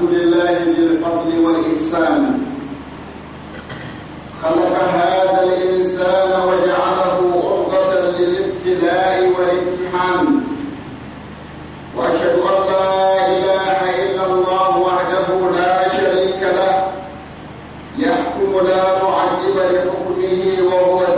الحمد لله بالفضل والإحسان خلق هذا الإنسان وجعله عرضة للابتلاء والامتحان وأشهد أن لا إله إلا الله وحده لا شريك له يحكم لا معذب لحكمه وهو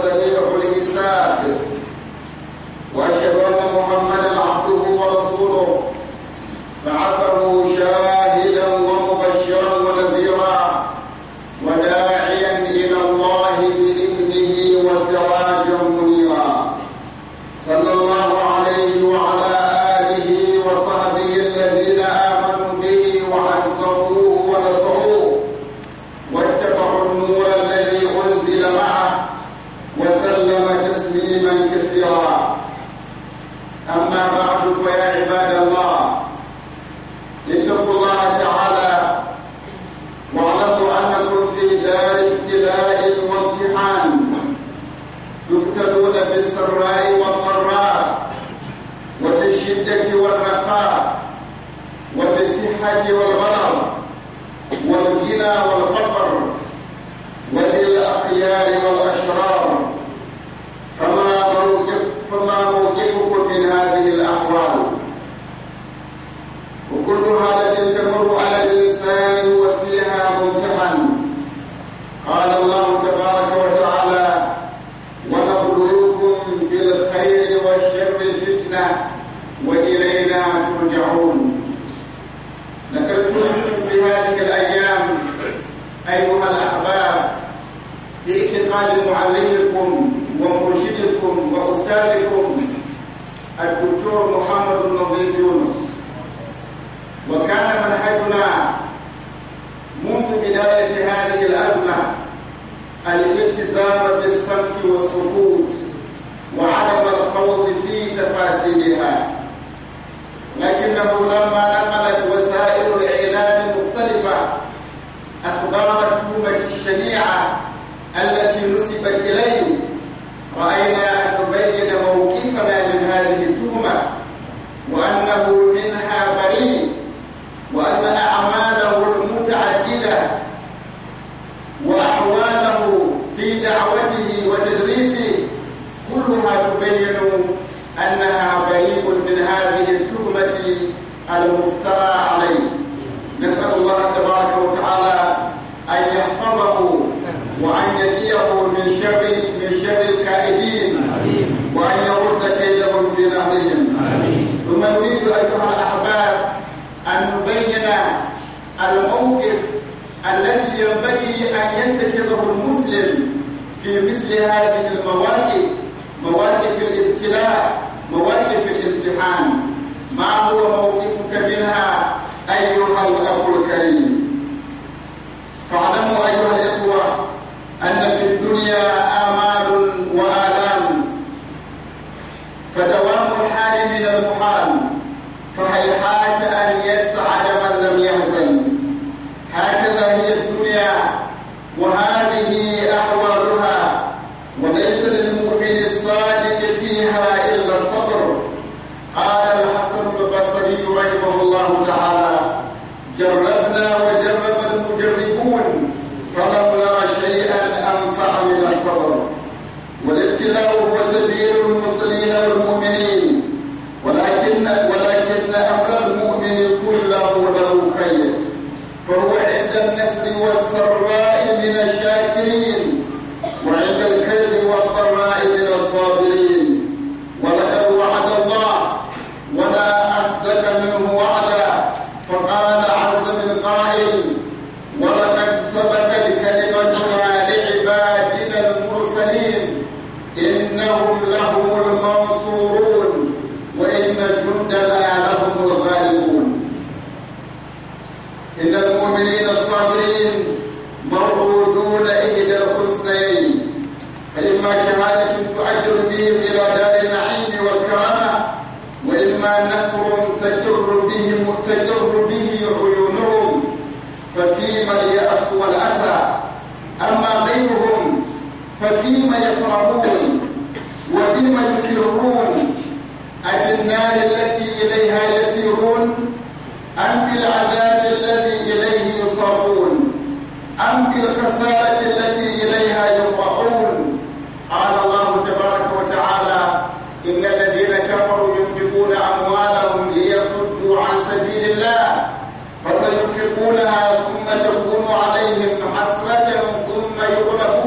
الأخيار والأشرار فما موقف فما موقفكم من هذه الأحوال؟ وكل حالة تمر على الإنسان وفيها ممتحن قال الله تبارك وتعالى ونبلوكم بالخير والشر فتنة وإلينا ترجعون لقد في هذه الأيام أيها الأحباب خدمة معلمكم ومرشدكم وأستاذكم الدكتور محمد النظيف يونس وكان منهجنا منذ بداية هذه الأزمة الالتزام بالصمت والسكوت وعدم الخوض في تفاصيلها لكنه لما نقلت وسائل الإعلام المختلفة أخبار التهمة الشنيعة التي نسبت إليه رأينا أن نبين موقفنا من هذه التهمة وأنه منها بريء وأن أعماله المتعددة وأحواله في دعوته وتدريسه كلها تبين أنها بريء من هذه التهمة المفترى عليه نسأل الله تبارك وتعالى من شر من شر الكائدين وأن يرد كيدهم في نهرهم ثم نريد أيها الأحباب أن نبين الموقف الذي ينبغي أن يتخذه المسلم في مثل هذه المواقف مواقف الابتلاء مواقف الامتحان ما هو موقفك منها أيها الأخ الكريم فاعلموا أيها الإخوة أن في الدنيا آمال وآلام فدوام الحال من المحال فهيهات أن يسعد من لم يهزم هكذا هي الدنيا وهذه أحوالها وليس للمؤمن الصادق فيها إلا الصبر قال الحسن البصري رحمه الله تعالى جربنا وجرب المجربون فلم صبروا والابتلاء هو سبيل المرسلين والمؤمنين ولكن ولكن امر المؤمن كله له خير فهو عند النسر والسراء من الشاكرين إما كهانة تعجل بهم إلى دار النعيم والكرامة وإما نسر تجر بهم تجر به عيونهم ففيما اليأس والأسى أما غيرهم ففيما يفرحون وبما يسرون أبالنار التي إليها يسيرون أم بالعذاب الذي إليه يصابون أم بالخسارة التي إليها يصابون قال الله تبارك وتعالى إن الذين كفروا ينفقون أموالهم ليصدوا عن سبيل الله فسينفقونها ثم تكون عليهم حسرة ثم يغلبون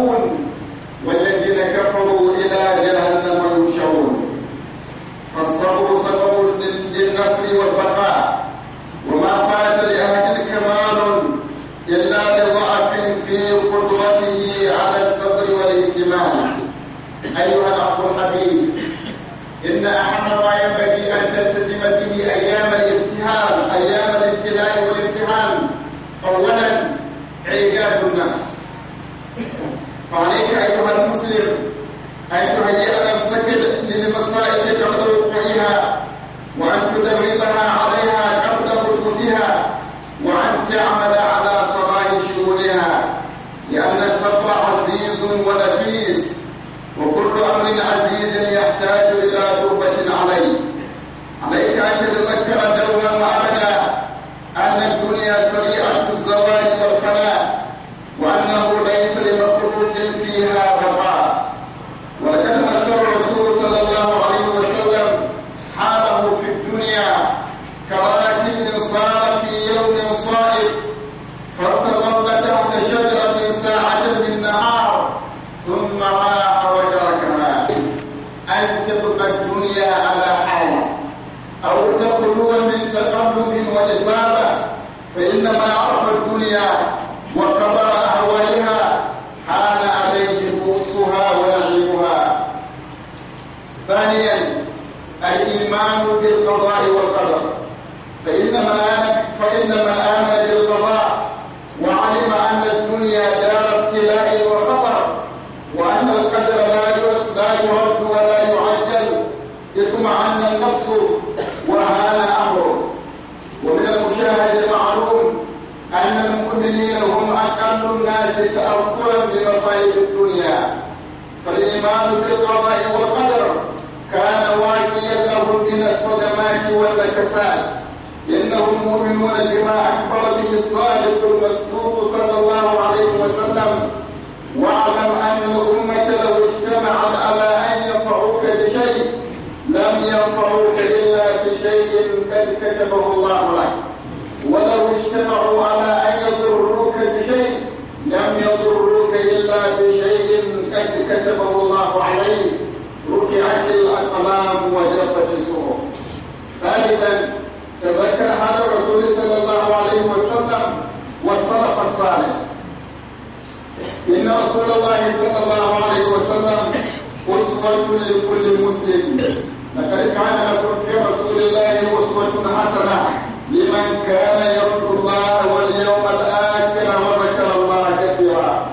تلتزم به أيام الامتحان أيام الابتلاء والامتحان أولا عيادات النفس فعليك أيها المسلم أن تهيئ نفسك للمصائب قبل وقوعها وأن تدربها عليها قبل قدوسها وأن تعمل على صلاح شؤونها لأن الشر عزيز ونفيس وكل أمر عزيز الدنيا أهوالها حال عليه بؤسها ونعيمها ثانيا الإيمان بالقضاء والقدر فإن من آمن فإن من آمن هم أقل الناس تأثرا بمصائب الدنيا فالإيمان بالقضاء والقدر كان واجيا لهم من الصدمات والنكسات إنهم مؤمنون بما أخبر به الصادق المصدوق صلى الله عليه وسلم واعلم أن الأمة لو اجتمعت على أن ينفعوك بشيء لم ينفعوك إلا بشيء قد كتبه الله لك ولو اجتمعوا على أن يضروك بشيء لم يضروك إلا بشيء قد كتبه الله عليه رفعت الأقلام وجفت الصحف ثالثا تذكر حال الرسول صلى الله عليه وسلم والسلف الصالح إن رسول الله صلى الله عليه وسلم أسوة لكل مسلم لقد كان لكم في رسول الله أسوة حسنة لمن كان يرجو الله واليوم الآخر وذكر الله كثيرا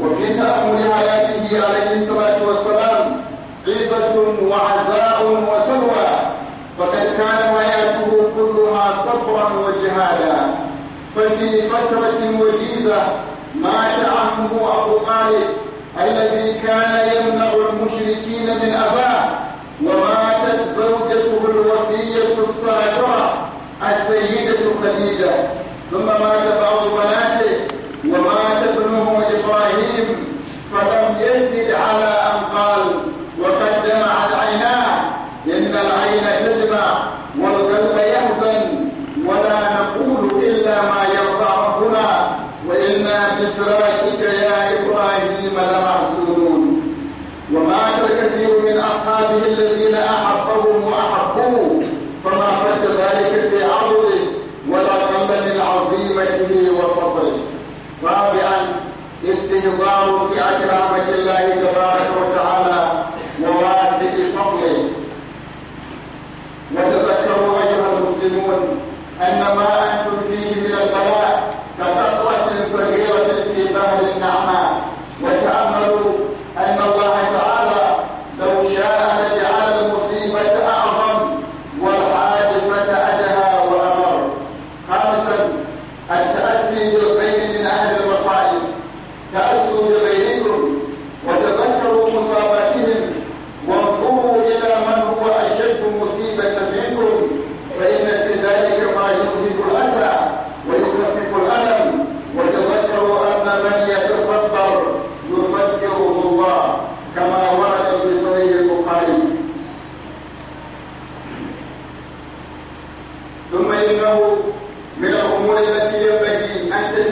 وفي تأمل حياته عليه الصلاة والسلام عزة وعزاء وسلوى فقد كان حياته كلها صبرا وجهادا ففي فترة وجيزة مات عمه أبو طالب الذي كان يمنع المشركين من أباه وماتت زوجته الوفية الصابرة السيدة خديجة ثم مات بعض بناته ومات ابنه إبراهيم فلم يزد على أن قال وقد دمعت عيناه إن العين تدمع والقلب يحزن ولا نقول إلا ما يرضى ربنا وإنا بفراقك يا إبراهيم لم وصبره رابعا استهضار سعة رحمة الله تبارك وتعالى وواسع فضله وتذكروا أيها المسلمون أن ما أنتم فيه من البلاء كقطرة صغيرة في بحر النعمة وتأملوا أن الله تعالى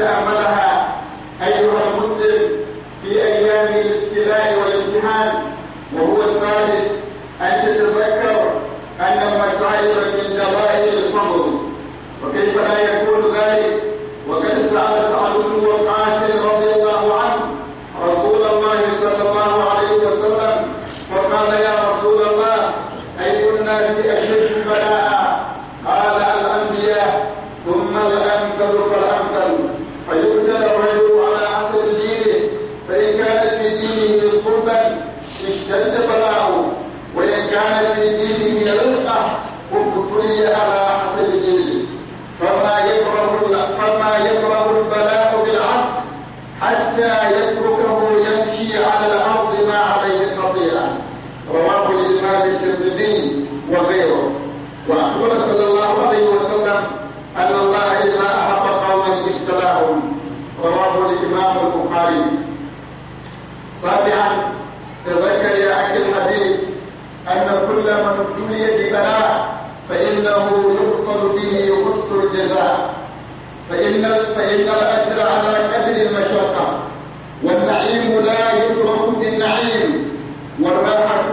تعملها أيها المسلم في أيام الابتلاء والامتحان وهو السادس أن تتذكر أن المصائب من دوائر الفضل وكيف لا يكون ذلك وقد سأل سعد بن وقاص رضي الله عنه رسول الله صلى الله عليه وسلم فقال يا رسول الله أي الناس أشد ومن ابتلاهم رواه الإمام البخاري سابعا تذكر يا أخي الحبيب أن كل من ابتلي ببلاء فإنه يحصل به حسن الجزاء فإن فإن الأجر على قدر المشقة والنعيم لا يدرك بالنعيم والراحة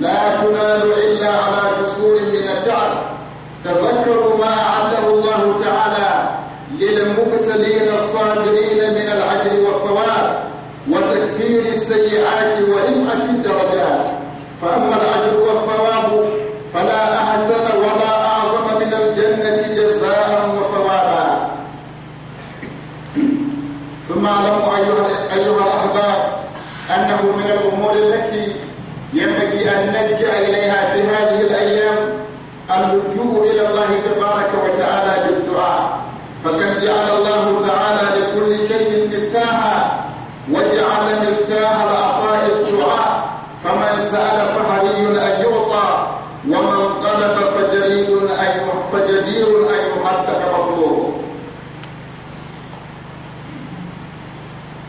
لا تنال إلا على جسور من التعب تذكر المرسلين الصابرين من العجل والثواب وتكفير السيئات ورفعة الدرجات فأما العجل والثواب سأل فحري أن يعطى ومن طلب فجرير أن فجدير أن يحدث مطلوب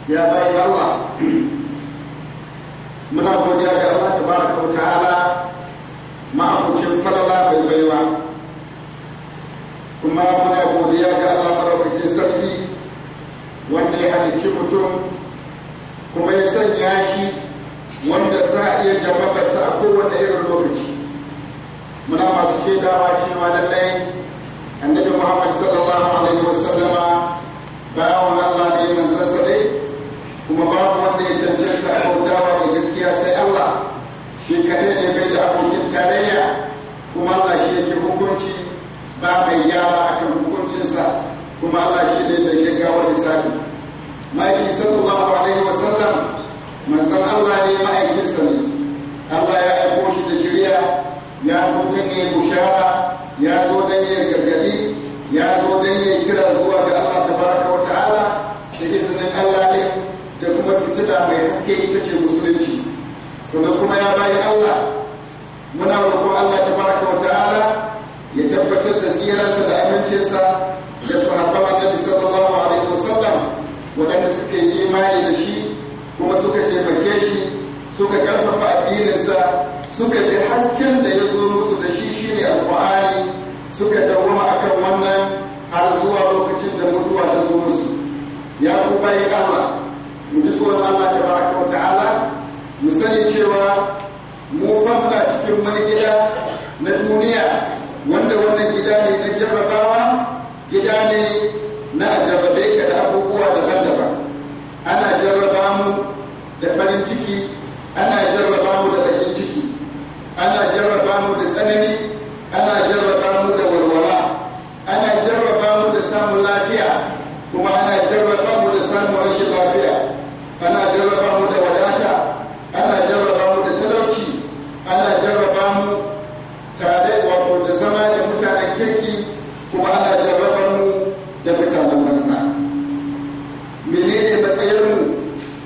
يا باي الله من أقول يا Allah تبارك وتعالى ما أقول falala mai baiwa kuma muna godiya ga Allah madaukakin sarki wanda ya halicci mutum kuma ya sanya shi wanda za a iya jama'a a kowane irin lokaci muna masu ce dawa cewa lallai annabi muhammad sallallahu alaihi wa wasallama wani allah ne mai dai kuma babu wanda ya cancanta a bauta wa da gaskiya sai allah shi kaɗai ne bai da abokin tarayya kuma allah shi yake hukunci ba mai yara kan hukuncinsa kuma allah shi ne mai gaggawar isa'i maiki sallallahu alaihi sallam manzon Allah ne ma'aikinsa ne Allah ya aiko shi da shirya ya zo don ya bushara ya zo don ya gargadi ya zo don ya kira zuwa ga Allah ta baraka wa ta'ala shi izinin Allah ne da kuma fitila mai haske ita ce musulunci sannan kuma ya bayi Allah muna roƙon Allah ta baraka wa ta'ala ya tabbatar da tsiransa da amincinsa da sahabban Annabi sallallahu alaihi wasallam waɗanda suke imani da shi kuma suka ce bake shi suka karfafa addininsa suka bi hasken da ya zo musu da shi shi ne alƙur'ani suka dawoma akan wannan har zuwa lokacin da mutuwa ta zo musu ya ku bayi Allah mu ji tsoron Allah tabaraka wa ta'ala mu sani cewa mu famna cikin wani gida na duniya wanda wannan gida ne na jarrabawa gida ne na jarrabe ka da abubuwa daban-daban ana jarraba mu da farin ciki ana jarraba mu da bakin ciki ana jarraba mu da tsanani ana jarraba mu da walwala ana jarraba mu da samun lafiya kuma ana jarraba mu da samun rashin lafiya ana jarraba mu da wadata ana jarraba mu da talauci ana jarraba mu tare wato da zama da mutanen kirki kuma ana jarraba mu da mutanen banza menene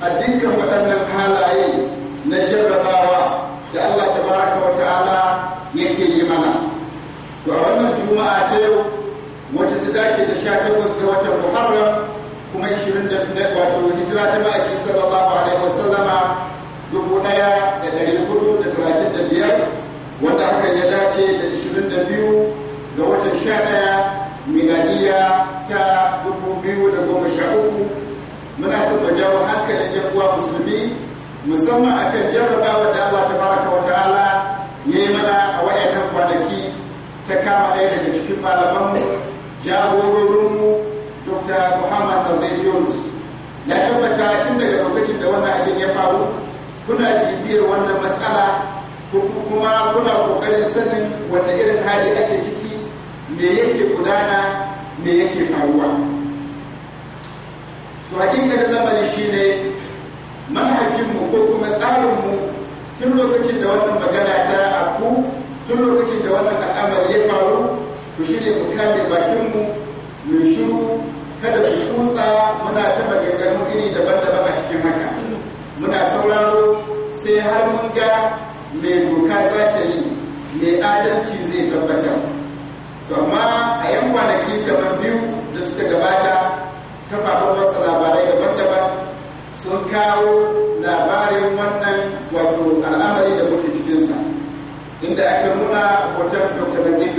a dukkan waɗannan halaye na jarrabawa da Allah ta baraka wa ta'ala yake yi mana to a wannan juma'a ta yau wata ta dace da sha takwas ga watan muharram kuma ishirin da wato hijira ta ma'aiki sallallahu alaihi sallama dubu ɗaya da ɗari hudu da talatin da biyar wanda aka ya dace da ishirin da biyu ga watan sha ɗaya miladiya ta dubu biyu da goma sha uku muna son mu jawo hankalin yan uwa musulmi musamman akan jarrabawa da Allah tabaraka wa ta'ala yi mana a wayannan kwanaki ta kama ɗaya daga cikin malamanmu jagororinmu Dr. Muhammad Nazir Yunus ya tabbata tun daga lokacin da wannan abin ya faru kuna bibiyar wannan matsala kuma kuna kokarin sanin wanda irin hali ake ciki me yake gudana me yake faruwa to hakikanin lamari shine manhajinmu ko kuma tsarinmu tun lokacin da wannan magana ta aku tun lokacin da wannan al'amari ya faru to shi ne mu kame bakinmu mu shiru kada su kutsa muna ta maganganu iri daban-daban a cikin haka muna sauraro sai har mun ga mai doka za ta yi mai adalci zai tabbatar to amma a yan kwanaki kamar biyu da suka gaba inda aka nuna hoton dr nazir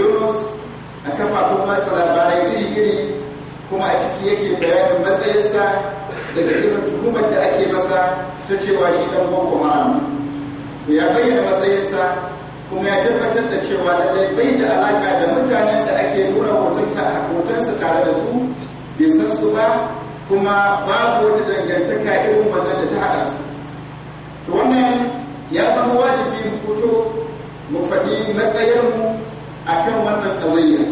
a kafafun masu labarai iri-iri kuma a ciki yake bayanin matsayinsa daga irin tuhumar da ake masa ta cewa shi dan boko haram ya bayyana matsayinsa kuma ya tabbatar da cewa lallai bai da alaka da mutanen da ake nuna hotonsa tare da su bai san su ba kuma babu wata dangantaka irin wannan da ta haɗa su to wannan ya zama wajibi mu fito mu faɗi matsayinmu a kan wannan ƙazayya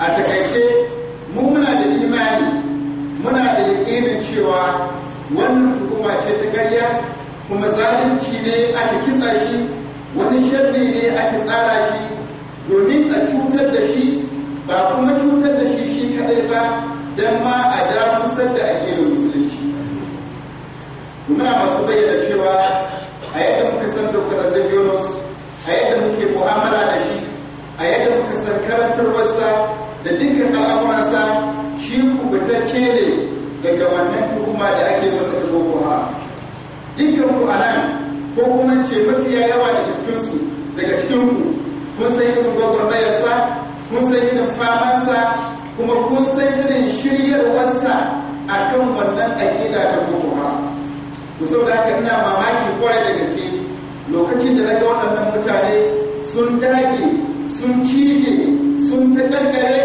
a takaice mu muna da imani muna da yaƙinin cewa wannan tuhuma ce ta karya kuma zalunci ne aka kitsa shi wani sharri ne aka tsara shi domin a cutar da shi ba kuma cutar da shi shi kaɗai ba don ma a da damusar da ake da musulunci muna masu bayyana cewa a yadda muka san dr azevedos a yadda muke mu'amala da shi a yadda muka san karantar karantarwarsa da dukkan al'amuransa shi kubutacce ne daga wannan tuhuma da ake masa da boko haram dukkan ku a nan ko kuma ce mafiya yawa daga cikinsu daga cikinku kun san irin gwagwarmayarsa kun san irin famansa kuma kun san irin shiryarwarsa a kan wannan aƙida ta boko haram ku sau da haka ina mamaki kwarai da gaske lokacin da na ga waɗannan mutane sun dage sun cije sun ta kankare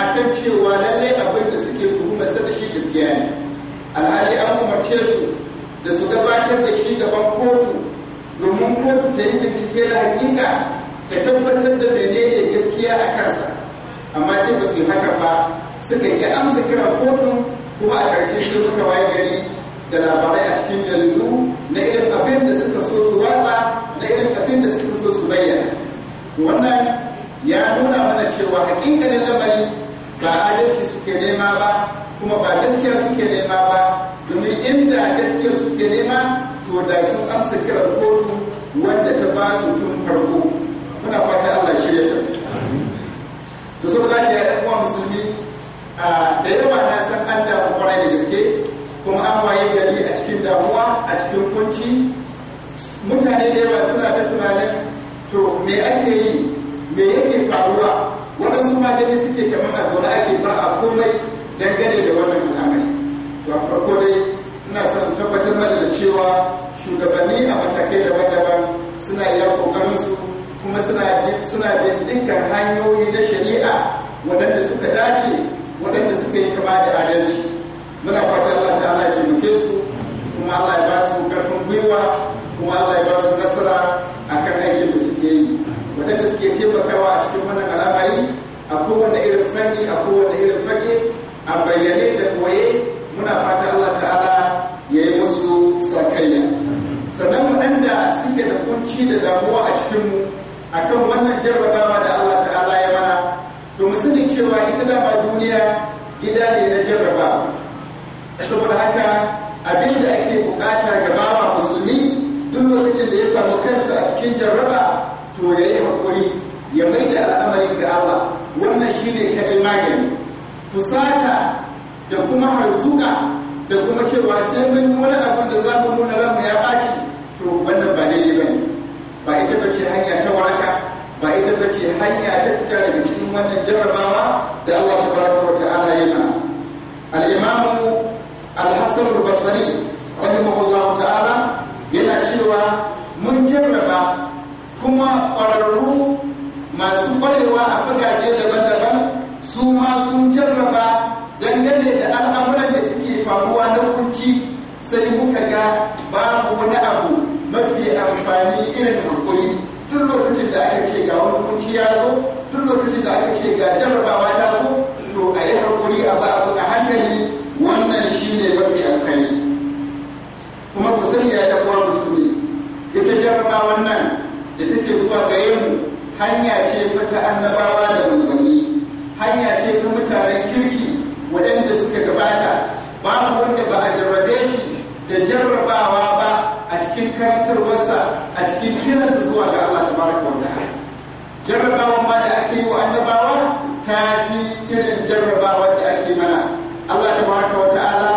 a kan cewa lallai abin da suke tuhuma sa da shi gaskiya ne alhali an umarce su da su gabatar da shi gaban kotu domin kotu ta yi bincike na hakika ta tabbatar da menene gaskiya a kansa amma sai ba su yi haka ba suka yi amsa kiran kotun kuma a ƙarshe sun suka waye gari da labarai a cikin jaridu na irin abin da suka so su watsa na irin abin da suka so su bayyana wannan ya nuna mana cewa hakikalin lamari ba adalci suke nema ba kuma ba gaskiya suke nema ba domin inda gaskiya suke nema to da sun amsa kiran kotu wanda ta ba su tun farko muna fata Allah ya da saboda ke ya ɗan musulmi da yawa na san an damu kwarai da gaske kuma an waye gari a cikin damuwa a cikin kunci mutane da yawa suna ta tunanin to me ake yi me yake faruwa waɗansu ma gani suke kamar a zaune ake ba a komai dangane da wannan al'amari to farko dai ina son tabbatar mana da cewa shugabanni a matakai daban-daban suna iya kokarin su kuma suna bin dukkan hanyoyi na shari'a waɗanda suka dace waɗanda suka yi kama da adalci kuma Allah ya ba su karfin gwiwa kuma Allah ya ba su nasara kan aikin da suke yi waɗanda suke taimakawa a cikin wannan al'amari a kowane irin fanni a kowane irin fage a bayyane da koye muna fata Allah ta'ala ya yi musu sakayya sannan waɗanda suke da kunci da damuwa a cikinmu kan wannan jarrabawa da Allah ta'ala ya mana to mu sani cewa ita dama duniya gida ne na jarrabawa saboda haka abin da ake bukata ga bawa musulmi duk lokacin da ya samu kansa a cikin jarraba to ya yi haƙuri ya mai da al'amarin ga Allah wannan shi ne kaɗai magani fusata da kuma harzuka da kuma cewa sai mun wani abin da za mu nuna ranmu ya ɓaci to wannan ba daidai ba ne ba ita ba hanya ta waraka ba ita ba hanya ta fita daga cikin wannan jarrabawa da Allah baraka wa ta'ala yana al-imamu alhassan basari rahimahullahu ta'ala yana cewa mun jarraba kuma ƙwararru masu ƙwarewa a fagage daban-daban su ma sun jarraba dangane da al'amuran da suke faruwa na kunci sai muka ga babu wani abu mafi amfani irin hankuri tun lokacin da aka ce ga wani kunci ya zo duk lokacin da aka ce ga jarrabawa ta zo to a yi hankuri a zuwa gare mu hanya ce ta annabawa da manzanni hanya ce ta mutanen kirki waɗanda suka gabata ba mu wanda ba a jarrabe shi da jarrabawa ba a cikin karantar wasa a cikin kiransa zuwa ga Allah ta baraka wa ta'ala jarrabawan ba da ake yi wa annabawa ta fi irin jarrabawa da ake mana Allah ta baraka wa ta'ala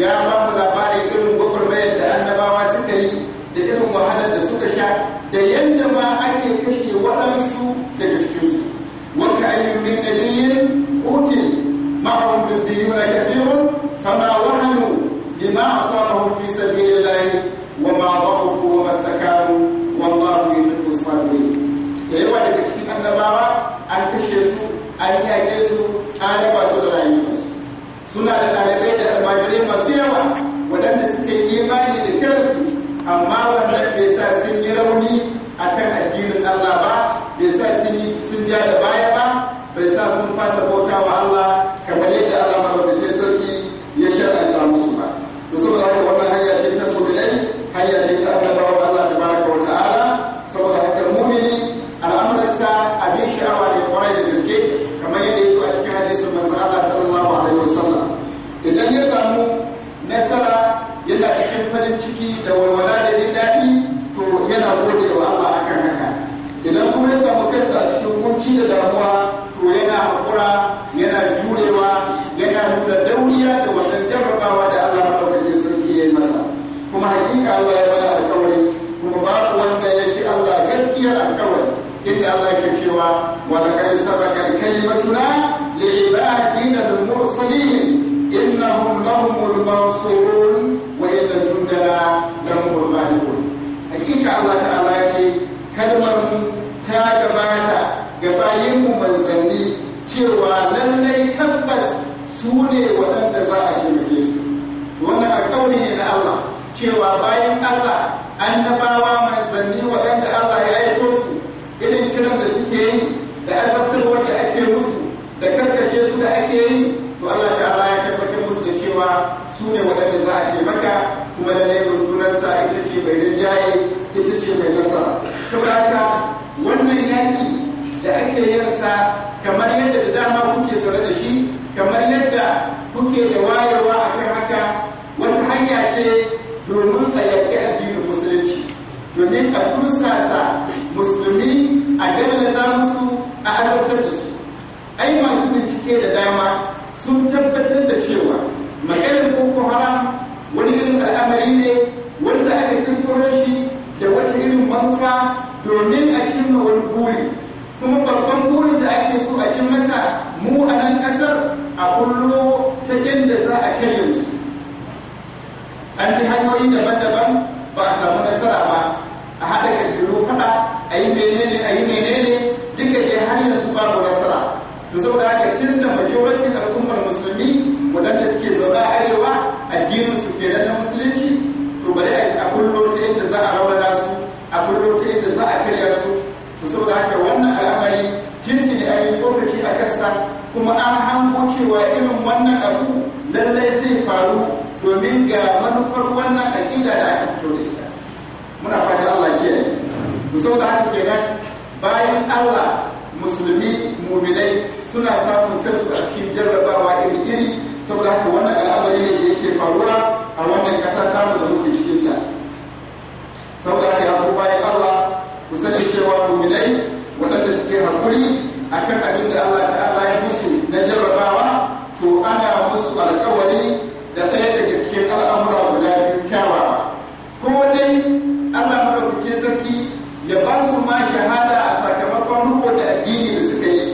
ya ba mu labarin irin gwagwarmayar da annabawa suka yi da irin wahalar da suka sha da yadda ma ake kashe waɗansu daga cikinsu wata ayyu min nabiyyin qutil biyu na kathirun fama wahanu lima asabahum fi sabilillahi wa ma dha'ufu wa mastakanu wallahu yuhibbu sabirin da yawa daga cikin annabawa an kashe su an yaƙe su an raba su da rayuwarsu suna da ɗalibai da almajirai masu yawa waɗanda suka yi imani da kiransu amma wannan bai sa sun yi rauni a kan addinin Allah ba bai sa sun ja da baya ba bai sa sun fasa bauta wa Allah kunci da damuwa to yana haƙura yana jurewa yana nuna dauriya da wannan jarrabawa da Allah madaukakin sarki ya yi masa kuma hakika Allah ya bada alƙawari kuma babu wanda yake Allah gaskiyar alƙawari inda Allah ke cewa wa laqad sabaqa kalimatuna li ibadina al-mursalin innahum lahumul mansurun wa inna jundana lahumul ghalibun hakika Allah ta'ala ya ce kalmar ta gabata ga mu manzanni cewa lallai tabbas su ne waɗanda za a taimake su wannan alƙawari ne na Allah cewa bayan Allah an tabawa manzanni waɗanda Allah ya aiko su irin kiran da suke yi da azabtarwar da ake musu da karkashe su da ake yi to Allah ta'ala ya tabbatar musu da cewa su ne waɗanda za a taimaka kuma lallai rundunarsa ita ce mai rinjaye ita ce mai nasara saboda wannan yaƙi da ake yansa kamar yadda da dama kuke saurare da shi kamar yadda kuke da wayewa akan haka wata hanya ce domin a yaƙi addinin musulunci domin a tursasa musulmi a da musu a azabtar da su ai masu bincike da dama sun tabbatar da cewa maganar boko haram wani irin al'amari ne wanda aka kirkiro shi da wata irin manufa domin a cimma wani buri kuma babban burin da ake so a cin masa mu a nan ƙasar a kullo ta inda za a karya su an ji hanyoyi daban-daban ba a samu nasara ba a haɗa ƙabilu faɗa a yi menene a yi menene duka dai har yanzu babu nasara to saboda haka tun da majoratin al'ummar musulmi waɗanda suke zaune a arewa addinin su kenan na musulunci to bari a kullo ta inda za a raunana su a kullo ta inda lokaci a kansa kuma an hango cewa irin wannan abu lallai zai faru domin ga manufar wannan aƙida da aka fito da ita muna fata Allah ke mu da haka kenan bayan Allah musulmi muminai suna samun kansu a cikin jarrabawa iri-iri saboda haka wannan al'amari ne da yake faruwa a wannan ƙasa ta da muke cikinta saboda haka ya bayan Allah ku sani cewa muminai waɗanda suke hakuri. akan abin da Allah ta'ala ya musu na jarrabawa to ana musu alkawari da ɗaya daga cikin al'amura guda biyu kyawa ko dai Allah maɗaukakin sarki ya ba su ma shahada a sakamakon riko da addini da suka yi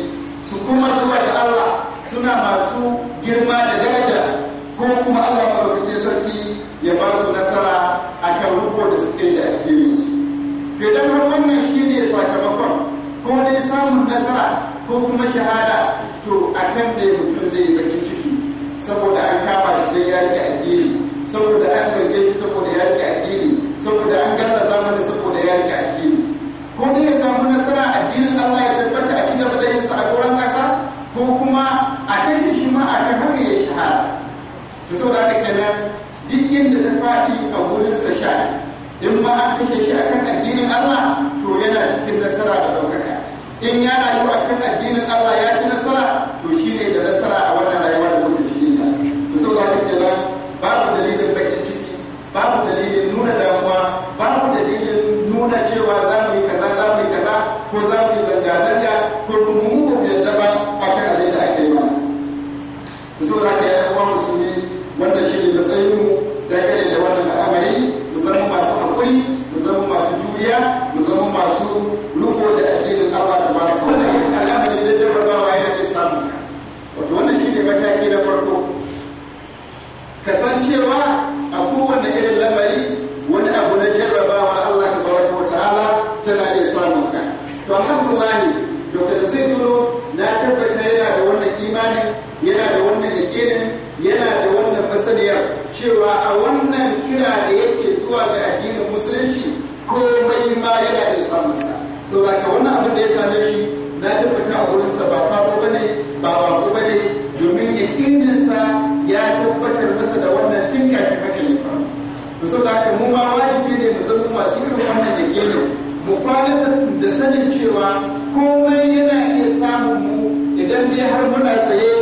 su kuma zuwa da Allah suna masu girma da daraja ko kuma Allah maɗaukakin sarki ya ba su nasara akan riko da suka yi da addinin su. Fidan har wannan shi ne sakamakon ko dai samun nasara ko kuma shahada to a kan da mutum zai bakin ciki saboda an kama shi dai ya rike addini saboda an zarge shi saboda ya rike addini saboda an gallaza masa saboda ya rike addini ko dai ya samu nasara addinin Allah ya tabbata a ci gaba da yin sa a goron ƙasa ko kuma a kashe shi ma a kan haka ya shahada to da haka kenan duk inda ta faɗi a wurin sa sha in ba an kashe shi akan addinin Allah to yana cikin nasara da ɗaukaka in ya rayu a kan addinin Allah ya ci nasara to shi ne da nasara a wannan rayuwa da kuke cikin ta to saboda haka ba babu dalilin bakin ciki babu dalilin nuna damuwa babu dalilin nuna cewa za mu yi kaza za mu yi kaza ko za mu yi zanga-zanga ne mataki na farko kasancewa a kowane irin lamari wani abu na jarrabawa Allah ta baraka wa ta'ala tana iya samun ka to alhamdulillah Dr. Zaid na tabbata yana da wannan imani yana da wannan yakinin yana da wannan masaniyar cewa a wannan kira da yake zuwa ga addinin musulunci komai ma yana iya samun sa saboda wannan abin da ya same shi na tabbata a wurinsa ba sabo bane ba bako bane domin yaƙininsa ya tabbatar masa da wannan tun kafin haka ne ba to saboda haka mu ma wajibi ne mu zama masu irin wannan yaƙinin mu kwana da sanin cewa komai yana iya samun mu idan dai har muna tsaye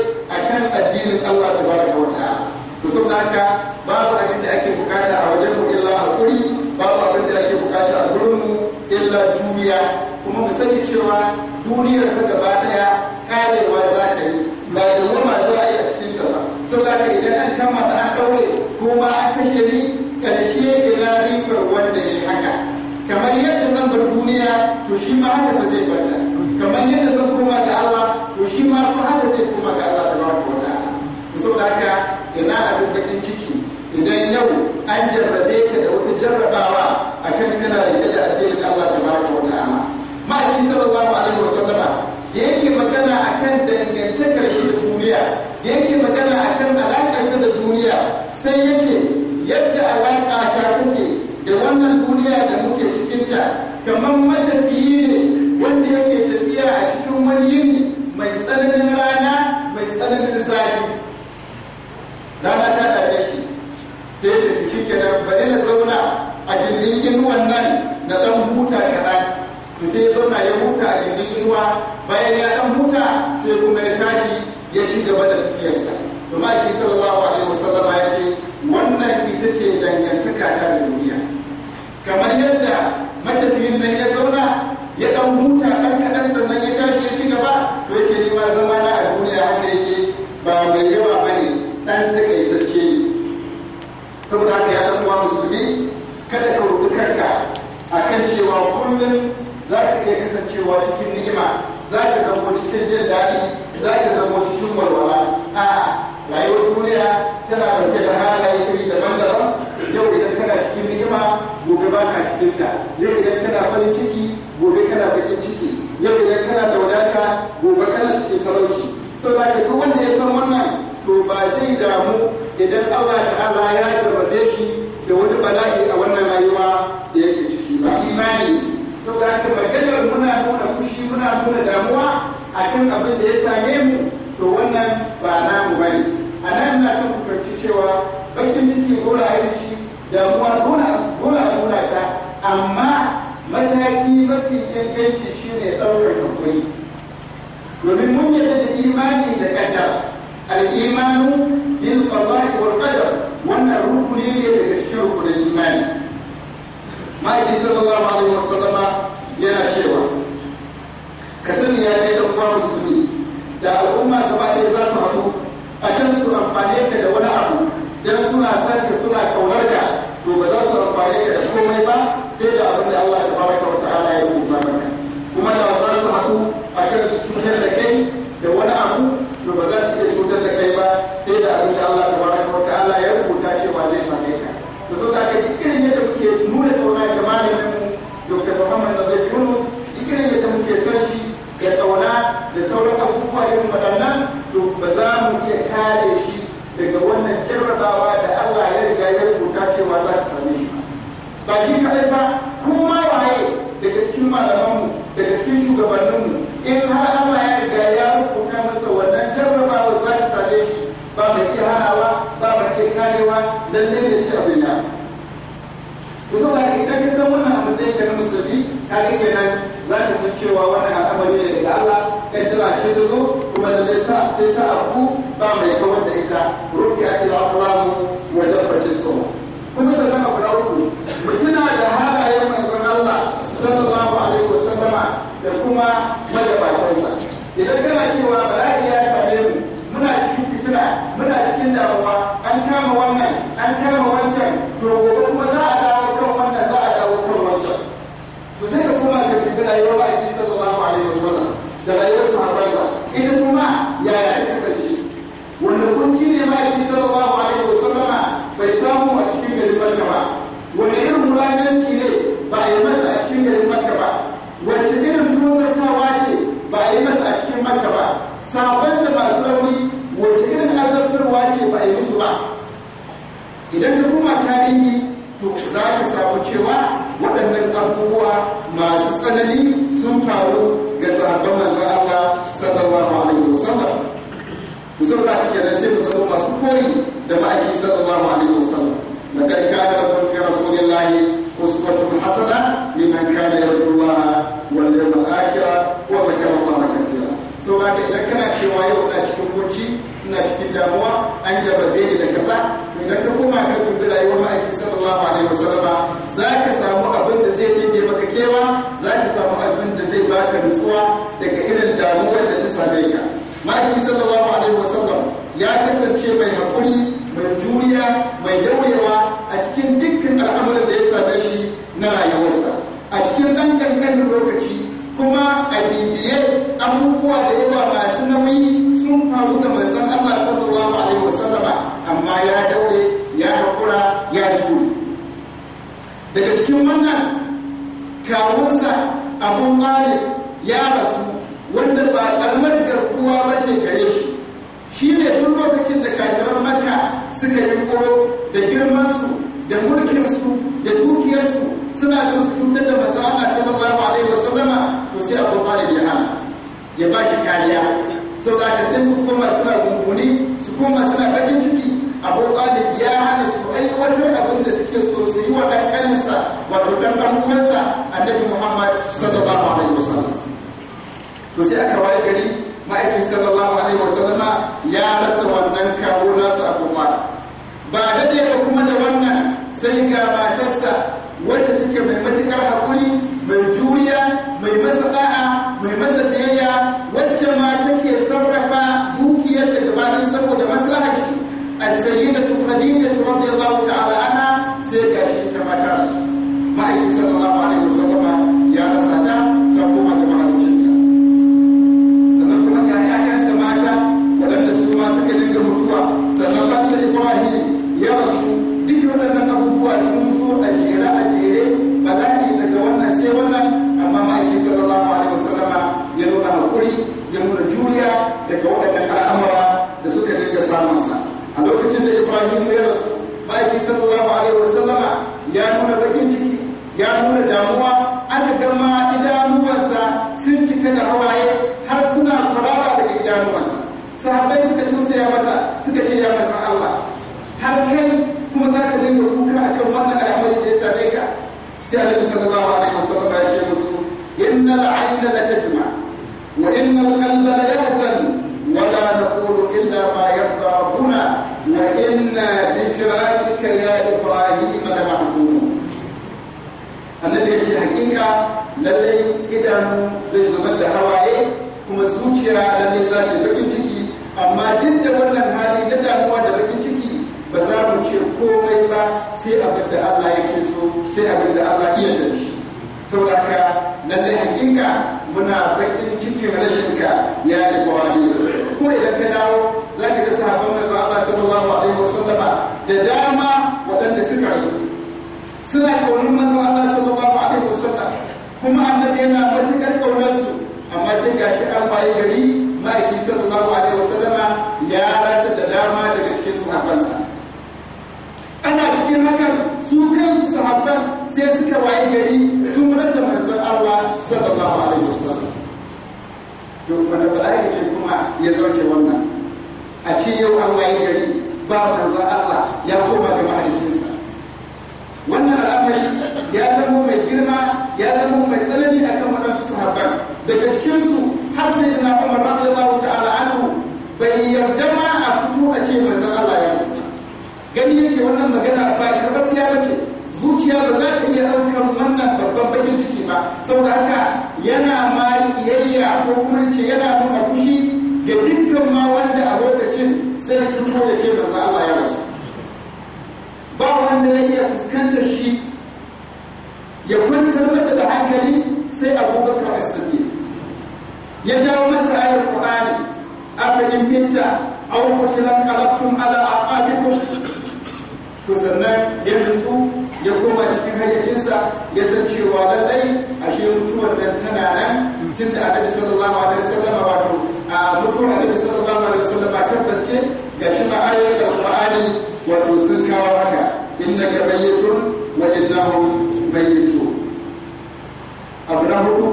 kan addinin Allah ta tabaraka wa ta'ala to saboda haka babu abin da ake bukata a wajen mu illa hakuri babu abin da ake bukata a gurin mu illa juriya kuma mu sani cewa duniyar ta gaba daya karewa za ta yi ba da za a yi a cikin ta ba saboda idan an kama ta an ɗaure ko ma an kashe ni ƙarshe ne na ribar wanda ya haka kamar yadda zan bar duniya to shi ma haka ba zai bata kamar yadda zan koma ga Allah to shi ma fa haka zai koma ga Allah ta baraka wata ta'ala saboda haka ina abin bakin ciki idan yau an jarrabe ka da wata jarrabawa akan kana da yadda da Allah ta baraka wata ma'aikin sallallahu alaihi wa sallama yake magana akan dangantakar shi da duniya yake magana akan alaƙarsa da duniya sai yake yadda alaƙa ta take da wannan duniya da muke cikinta kamar matafiyi ne wanda yake tafiya a cikin wani yini mai tsananin rana mai tsananin zafi rana ta dame shi sai ce shi kenan bari na zauna a gindin yin wannan na ɗan huta kaɗan sai ya zauna ya huta a gindin inuwa bayan ya ɗan huta sai kuma ya tashi ya ci gaba da tafiyarsa to maki sallallahu alaihi wasallam ya ce wannan ita ce dangantaka ta duniya kamar yadda matafiyin nan ya zauna ya dan huta dan kadan sannan ya tashi ya ci gaba to yake nema zama na a duniya wanda yake ba mai yawa ba ne dan takaitacce ne saboda haka ya zama musulmi kada ka rubuta kanka akan cewa kullum za ka iya kasancewa cikin ni'ima za ka zamo cikin jin daɗi za ka zamo cikin walwala a rayuwar duniya tana ɗauke da halaye iri daban-daban yau idan kana cikin ni'ima gobe ba ka cikin ta yau idan kana farin ciki gobe kana bakin ciki yau idan kana da wadata gobe kana cikin talauci sau da duk wanda ya san wannan to ba zai damu idan Allah ta'ala ya jarrabe shi da wani bala'i a wannan rayuwa da yake ciki ba imani sau da haka maganar muna nuna fushi muna nuna damuwa akan abin da ya same mu to wannan ba mu bane a nan na son fahimci cewa bakin ciki dole a shi damuwa dole a nuna ta amma mataki mafi inganci shine ɗaukar hakuri domin mun yarda da imani da ƙaddara al-imanu bil qada'i wal qadar wannan rukuni ne daga cikin rukunin imani ma'aikin sallallahu alaihi wasallama yana cewa ka sani ya kai dan uwa musulmi da al'umma ba ɗaya za su haɗu a kan su amfane ka da wani abu dan suna san ka suna kaunar ka to ba za su amfane ka da komai ba sai da abin da Allah ta tabaraka wa ta'ala ya rubuta maka kuma da za su haɗu a kan su cutar da kai da wani abu to ba za su iya cutar da kai ba sai da abin da Allah ta tabaraka wa ta'ala ya rubuta cewa zai same ka da sau da aka irin yadda muke nuna kauna ga malamin mu dr muhammad da zai yunus duk irin yadda muke san shi da kauna da sauran abubuwa irin waɗannan to ba za mu iya kare shi daga wannan jarrabawa da allah ya riga ya rubuta cewa za su same shi ba shi kaɗai ba kuma waye daga cikin malamanmu daga cikin shugabanninmu in har allah ya riga ya rubuta masa wannan jarrabawar za ta same shi ba mai hanawa ba mai karewa lalle ne shi abin ya ku zama ga idan kin san wannan a matsayin kana musulmi ka ga kenan za ka san cewa wannan al'amari ne daga Allah kai tana ce ta zo kuma lalle sa sai ta abu ba mai kawar da ita rufi a da Allah wa jabbace su kuma da zama guda mutuna da halayen manzon Allah sallallahu alaihi wasallama da kuma magabatansa idan kana cewa ba ya rayuwar ma'aikin sallallahu alaihi wa sallam da rayuwar sahabbansa ita kuma yaya ta kasance wanda kunci ne ma'aikin sallallahu alaihi wa sallama bai samu a cikin garin Makka ba wanda irin wulakanci ne ba a yi masa a cikin garin Makka ba wacce irin tozartawa ce ba a yi masa a cikin Makka ba sahabbansa masu rauni wacce irin azabtarwa ce ba a yi musu ba idan ka koma tarihi to za ka samu cewa waɗannan abubuwa masu tsanani sun faru ga sahabban manzon Allah sallallahu alaihi wasallam ku zo da kike da sai ku masu koyi da ma'aji sallallahu alaihi wasallam na karka da kun fi rasulullahi uswatun hasana liman kana yarju Allah wal yawm al-akhir wa zakara Allah kathira so ba idan kana cewa yau ina cikin kunci ina cikin damuwa an jarrabe daidai da kaza to idan ka koma ka dubi rayuwar ma'aiki sallallahu alaihi wasallama za ka samu abin da zai kike maka kewa za ka samu abin da zai baka nutsuwa daga irin damuwar da ta same ka ma'aiki sallallahu alaihi wasallam ya kasance mai hakuri mai juriya mai daurewa a cikin dukkan al'amuran da ya same shi na rayuwarsa a cikin ɗan lokaci kuma a bibiye abubuwa da yawa masu nauyi sun cikin wannan kawunsa abun male ya rasu wanda ba karamar garkuwa ba ce gare shi shi ne tun lokacin da kafiran maka suka yi koro da girmansu da mulkinsu da dukiyarsu suna so su cutar da manzon Allah sallallahu alaihi wasallama to sai abun mare ya hana ya ba shi kariya da haka sai su koma suna gunguni su koma suna bakin ciki abu ɗalib ya hana su aiwatar abin da suke so su yi wa ɗan wato ɗan ɗan annabi muhammad sallallahu alaihi wasallam to sai aka waye gari ma'aikin sallallahu alaihi wasallama ya rasa wannan kawo nasu abubuwa ba daɗe ba kuma da wannan sai ga matarsa wacce take mai matuƙar haƙuri mai juriya mai masa ɗa'a mai masa ɗaya as-sayyidatu khadija radiyallahu ta'ala anha sai ta mata rasu ma'aikin mata waɗanda su ma suka dinga mutuwa sannan ba su ibrahim waɗannan abubuwa sun zo a jere a jere ba za ni daga wannan sai wannan amma ma'aikin sallallahu alaihi wasallama ya nuna hakuri ya nuna juriya daga waɗannan lokacin da ibrahim ya rasu ma'aiki sallallahu alaihi wa sallama ya nuna bakin ciki ya nuna damuwa aka ma idanuwansa sun cika da hawaye har suna kurara daga idanuwansa sahabbai suka tausaya masa suka ce ya masa Allah har kai kuma za ka dinga kuka akan wannan al'amari da ya same ka sai annabi sallallahu alaihi wa sallama ya ce musu inna al la tajma wa inna al-qalba la yahzan ولا نقول إلا ما يرضى ربنا وإنا بفراقك يا إبراهيم لمحزونون النبي يقول حقيقة للي إذا زي زبد هواي kuma zuciya lallai za ta bakin ciki amma duk da wannan hali na damuwa da bakin ciki ba za mu ce komai ba sai abin da Allah yake so sai abinda da Allah iya da shi saboda haka lallai hakika muna bakin cikin rashin ka ya yi kwaje kuma idan ka dawo za ka ga sahabban manzo Allah sallallahu alaihi wasallam da dama waɗanda suka rasu suna kaunar manzo Allah sallallahu alaihi wasallam kuma annabi yana matukar kaunar su amma sai gashi an bayi gari ma'aiki sallallahu alaihi wasallam ya rasa da dama daga cikin sahabbansa ana cikin hakan su kansu sahabban sai suka waye gari sun rasa manzon Allah sallallahu alaihi wasallam to da bala'i ne kuma ya zauce wannan a ce yau an waye gari ba manzon Allah ya koma ga mahalicinsa wannan al'amari ya zama mai girma ya zama mai tsanani akan waɗansu sahabban daga cikinsu har sai da na radiyallahu wannan magana ba karɓaɓɓiya ba ce zuciya ba za ta iya ɗaukar wannan babban bakin ciki ba saboda haka yana ma iyayya ko kuma ce yana nuna kushi ga dukkan ma wanda a lokacin zai fito ya ce manzo Allah ya rasu ba wanda ya iya fuskantar shi ya kwantar masa da hankali sai abubakar asali ya jawo masa ayar qur'ani a in binta aw qutilan a ala aqabikum to sannan ya nutsu ya koma cikin hayyacinsa ya san cewa lallai ashe mutuwar nan tana nan tun da annabi sallallahu alaihi wasallam wato a mutuwar annabi sallallahu alaihi wasallam tabbas ce ga shi ma ayoyin alqur'ani wato sun kawo haka innaka mayyitun wa innahum mayyitun abu na hudu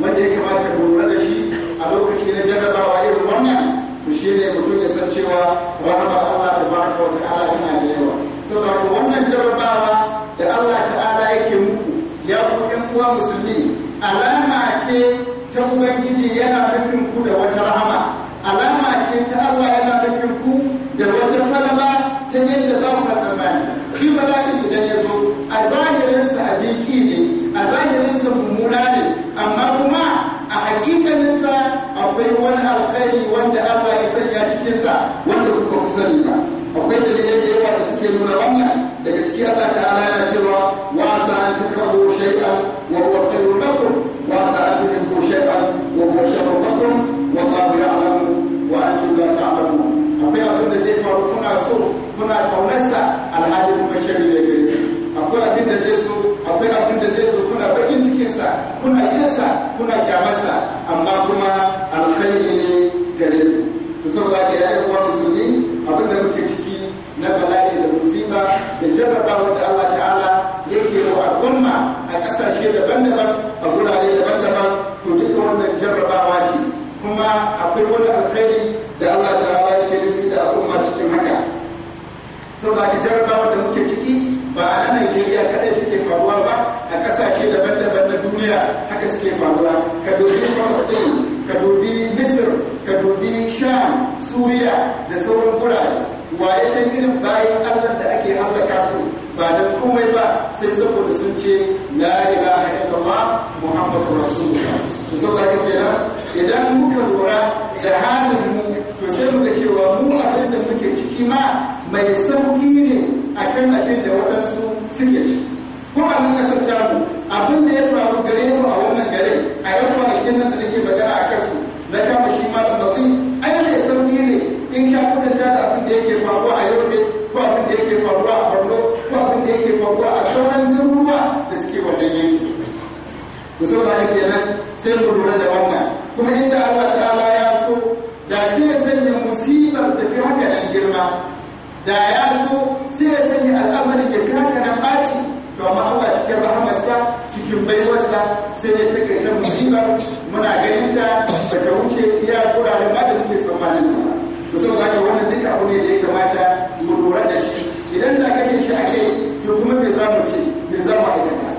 wanda ya kamata ku lura da shi a lokaci na jarrabawa irin wannan to shine mutum ya san cewa rahmar Allah tabaraka wa ta'ala tana da yawa saboda wannan jarabawa da Allah ta'ala yake muku ya ku ƴan uwa musulmi alama ce ta ubangiji yana nufin ku da wata rahama ciki ma mai sauƙi ne a kan abin da waɗansu suke ciki kuma nan ƙasar jamu abin da ya faru gare mu a wannan gare a yau kwanakin nan da nake magana a kansu na kama shi ma da basi ai mai sauƙi ne in ka kutanta da abin da yake faruwa a yobe ko abin da yake faruwa a borno ko abin da yake faruwa a sauran garuruwa da suke wannan yanki ku saboda haka kenan sai mu lura da wannan kuma inda Allah ta'ala ya so da sai ya sanya musibar tafi haka nan girma da ya so sai ya sanya al'amarin ya fi haka nan ɓaci to amma Allah cikin rahamarsa cikin baiwarsa sai ya takaita musibar muna ganin ta ba ta wuce iya guraren ba da muke tsammanin ta to saboda wannan duka abu ne da ya kamata mu lura da shi idan da kake shi ake to kuma me za mu ce me za mu aikata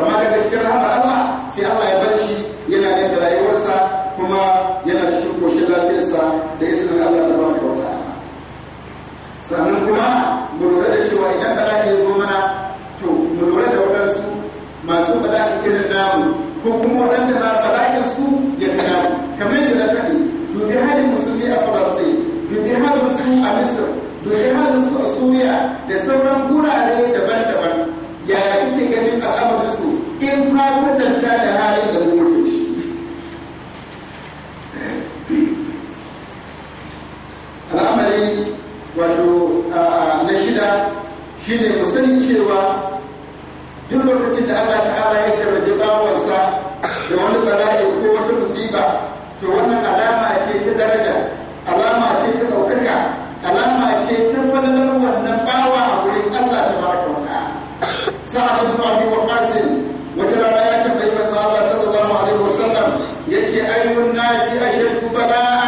amma daga cikin rahamar Allah sai Allah ya bar shi yana da rayuwarsa kuma yana cikin koshi lafiyarsa da izinin Allah ta baraka wa sannan kuma mu lura da cewa idan bala'i ya zo mana to mu lura da waɗansu masu bala'i irin namu ko kuma waɗanda ba bala'in su ya fi kamar yadda na faɗi dubi halin musulmi a faransa dubi halin su a misir dubi halin su a suriya da sauran gurare daban-daban yaya kuke ganin al'amarin su in ka kwatanta da halin da akwai wato na shida shi ne mu cewa duk lokacin da Allah ta'ala ya tarbi bawansa da wani bala'i ko wata musiba to wannan alama ce ta daraja alama ce ta ɗaukaka alama ce ta falalar wannan bawa a wurin Allah ta baraka wata sa'adun ba biyu wa fasin wata rana ya tambayi manzo Allah sallallahu alaihi wasallam yace ayyun nasi ashaddu bala'a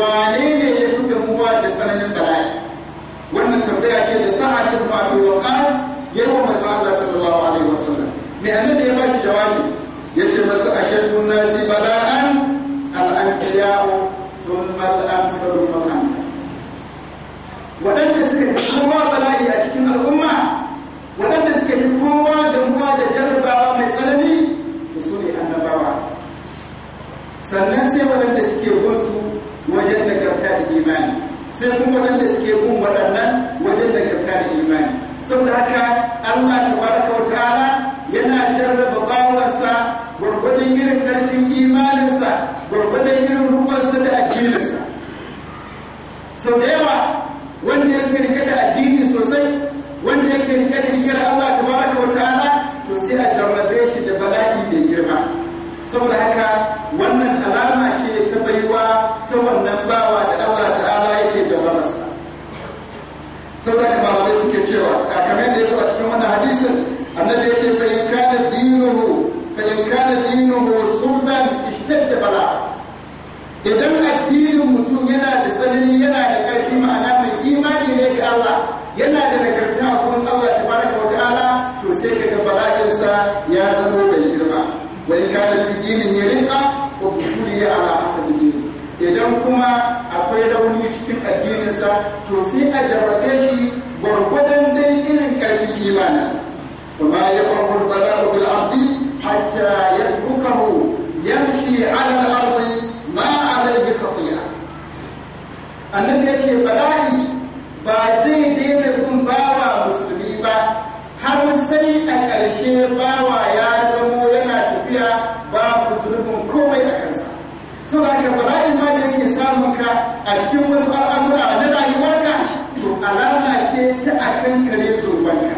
wane ne ya fi kuma da tsananin bala'i wannan tambaya ce da sa'ad ibn abi waqas ya yi wa manzo Allah sallallahu alaihi wasallam me annabi ya bashi jawabi yace masa ashaddu nasi bala'an al-anbiya'u thumma al-amsalu fal amsal waɗanda suka fi kowa bala'i a cikin al'umma waɗanda suka fi kowa damuwa da jarrabawa mai tsanani su ne annabawa sannan sai waɗanda suke gosu. wajen nagarta da imani sai kuma waɗanda suke bin waɗannan wajen nagarta da imani saboda haka Allah Ta tabaraka kauta ta'ala yana jarraba bawansa gwargwadon irin karfin imaninsa gwargwadon irin rukunsa da addininsa sau da yawa wanda yake rike da addini sosai wanda yake rike da hiyar Allah Ta tabaraka kauta ta'ala to sai a jarrabe shi da bala'i mai girma saboda haka wannan alama ce ta baiwa ta wannan bawa da Allah ta'ala yake masa sau da wadai suke cewa a kamar da ya zaba a cikin wannan hadisin annabi ya ce fayin kana dinuhu fa kana dinuhu ishtar da bala idan addinin mutum yana da tsanani yana da ƙarfi ma'ana mai imani ne ga Allah yana da nagarta a gurin Allah tabaraka wa ta'ala to sai ka ga bala'insa ya zama bai girma wani in kana fi dinin ya rinka ko kusuri ala idan kuma akwai rauni cikin addininsa to sai a jarrabe shi gwargwadon dai irin karfin imaninsa kuma ya farko balaru bil abdi hatta yatrukahu yamshi ala al ardi ma alayhi khatiya annabi yace bala'i ba zai daina bin bawa musulmi ba har sai a ƙarshe bawa ya zamo yana tafiya samunka a cikin wasu al'amura na rayuwarka to alama ce ta kan kare zurbanka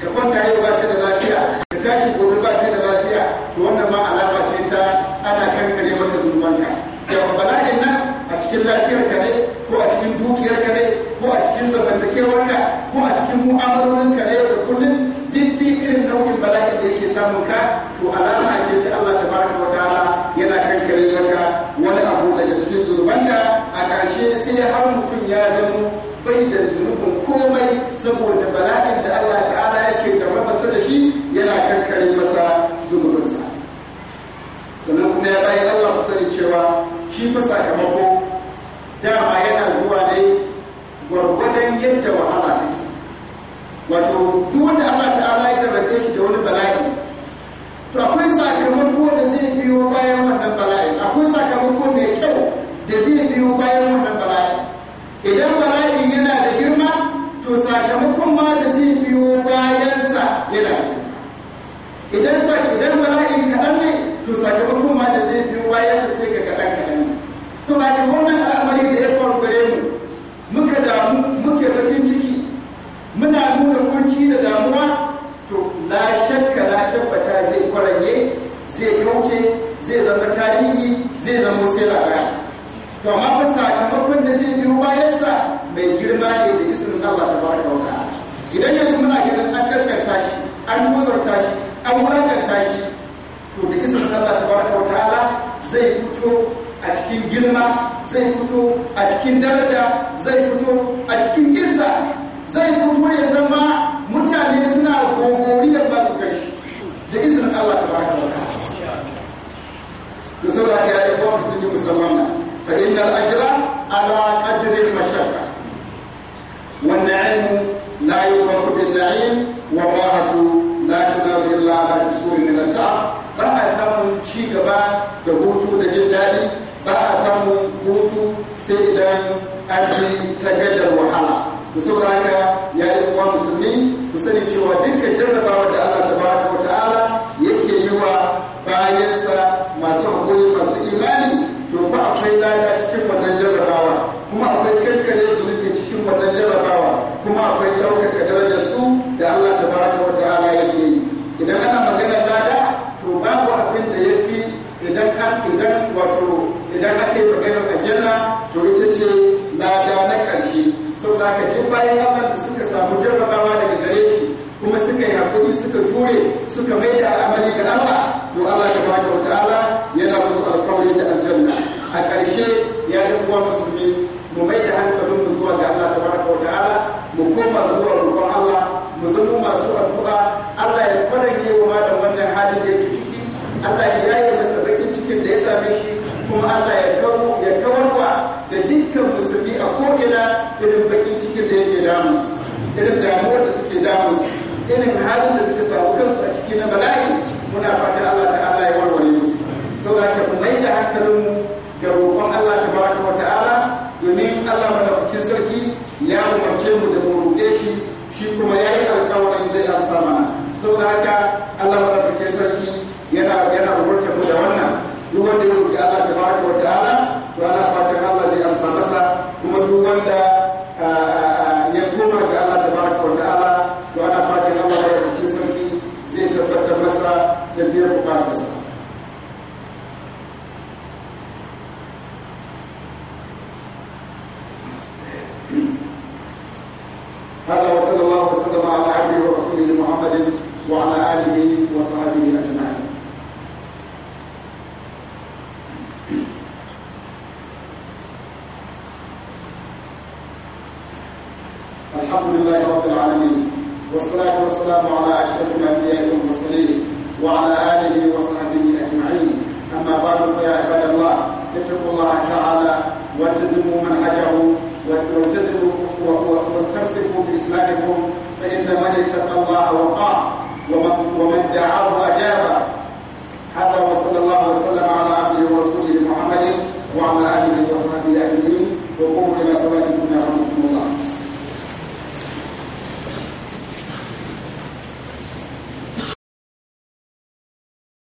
ka kwanta yau ba ka da lafiya ka tashi gobe ba ta da lafiya to wannan ma alama ce ta ana kan kankare maka zurbanka yawa bala'in nan a cikin lafiyar kare ko a cikin dukiyar ne ko a cikin zamantakewarka ko a cikin mu'amalolinka kare yau da kullum duk irin nau'in bala'in da yake samun ka to alama ce ta Allah tabaraka wa ta'ala wanda a ƙarshe sai har mutum ya zamo bai da zunubin komai saboda bala'in da Allah ta'ala yake karɓar masa da shi yana kankare masa zunubinsa sannan kuma ya bayan Allah ku sani cewa shi fa sakamako dama yana zuwa ne gwargwadon yadda wahala ke wato duk wanda Allah ta'ala ya tarrafe shi da wani bala'i to akwai sakamako da zai biyo bayan wannan bala'i akwai sakamako mai biyu bayan wannan bala'i idan bala'in yana da girma to sakamakon ma da zai biyo bayansa yana idan sa idan bala'in kaɗan ne to sakamakon ma da zai biyo bayansa sai ga kaɗan kaɗan ne so da wannan al'amari da ya faru gare mu muka damu muke bakin ciki muna nuna kunci da damuwa to la shakka la tabbata zai kwaranye zai kauce zai zama tarihi zai zama sai labari to amma sakamakon da zai biyo bayansa mai girma ne da isin Allah ta baraka wa ta'ala idan yanzu muna ganin an gaskanta shi an tozarta shi an wulakanta shi to da isin Allah ta baraka wa ta'ala zai fito a cikin girma zai fito a cikin daraja zai fito a cikin girsa zai fito ya zama mutane suna gogoriyar ba su kai shi da izinin Allah ta baraka wa ta'ala da saboda ya yi kwa musulmi musamman فإن الأجر على قدر المشقة والنعيم لا يدرك بالنعيم والراحة لا تنال إلا على جسور من التعب ba a samun ci gaba da hutu da jin daɗi ba a samun hutu sai idan an ji tagaddar wahala ku saboda haka ya yi kuma musulmi ku sani cewa dukkan jarrabawar da Allah ta baraka ta ta'ala akwai lada cikin wannan jarrabawa kuma akwai kankare zunubi cikin wannan jarrabawa kuma akwai ɗaukaka darajar su da Allah ta baraka wa ta'ala yake yi idan ana magana lada to babu abin da yafi idan an idan wato idan aka yi magana aljanna to ita ce lada na ƙarshe da aka duk bayan Allah da suka samu jarrabawa daga gare shi kuma suka yi hakuri suka jure suka mai da amali ga Allah to Allah ta baraka wa ta'ala yana musu alƙawari da aljanna a ƙarshe ya yi kuwa musulmi mu mai da hankalin mu zuwa ga Allah tabaraka wa ta'ala mu koma zuwa rukun Allah mu zama masu addu'a Allah ya yi wa malam wannan halin da yake ciki Allah ya yaye masa bakin cikin da ya same shi kuma Allah ya kawo ya kawarwa da dukkan musulmi a ko'ina irin bakin cikin da yake damu irin damuwar da suke damu irin halin da suke samu kansu a ciki na bala'i muna fata Allah ta'ala ya warware musu saboda ka mai da hankalin mu. fica tipo, uma é